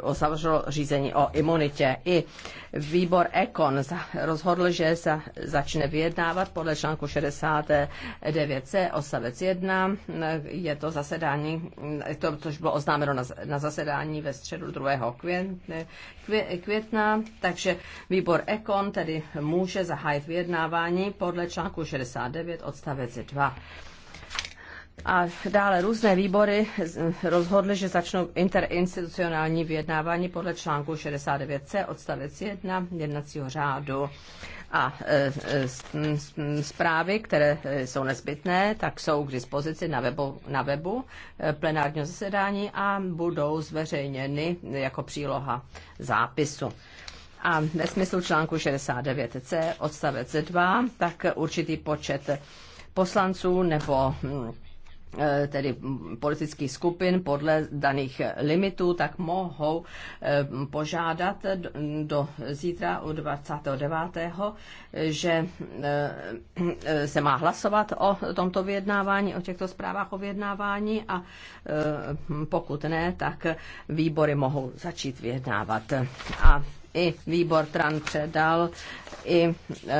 osavřelo řízení o imunitě. I výbor Ekon rozhodl, že se začne vyjednávat podle článku 69c odstavec 1. Je to zasedání, to, což bylo oznámeno na, na zasedání ve středu 2. Květ, května, takže výbor Ekon tedy může zahájit vyjednávání podle článku 69 odstavec 2. A dále různé výbory rozhodly, že začnou interinstitucionální vyjednávání podle článku 69c odstavec 1 jednacího řádu. A e, e, zprávy, které e, jsou nezbytné, tak jsou k dispozici na webu, na webu plenárního zasedání a budou zveřejněny jako příloha zápisu. A ve smyslu článku 69c odstavec 2, tak určitý počet poslanců nebo Eh, tedy politických skupin podle daných limitů, tak mohou eh, požádat do zítra u 29. že eh, se má hlasovat o tomto vyjednávání, o těchto zprávách o vyjednávání a pokud ne, tak výbory mohou začít vyjednávat. A i výbor TRAN předal i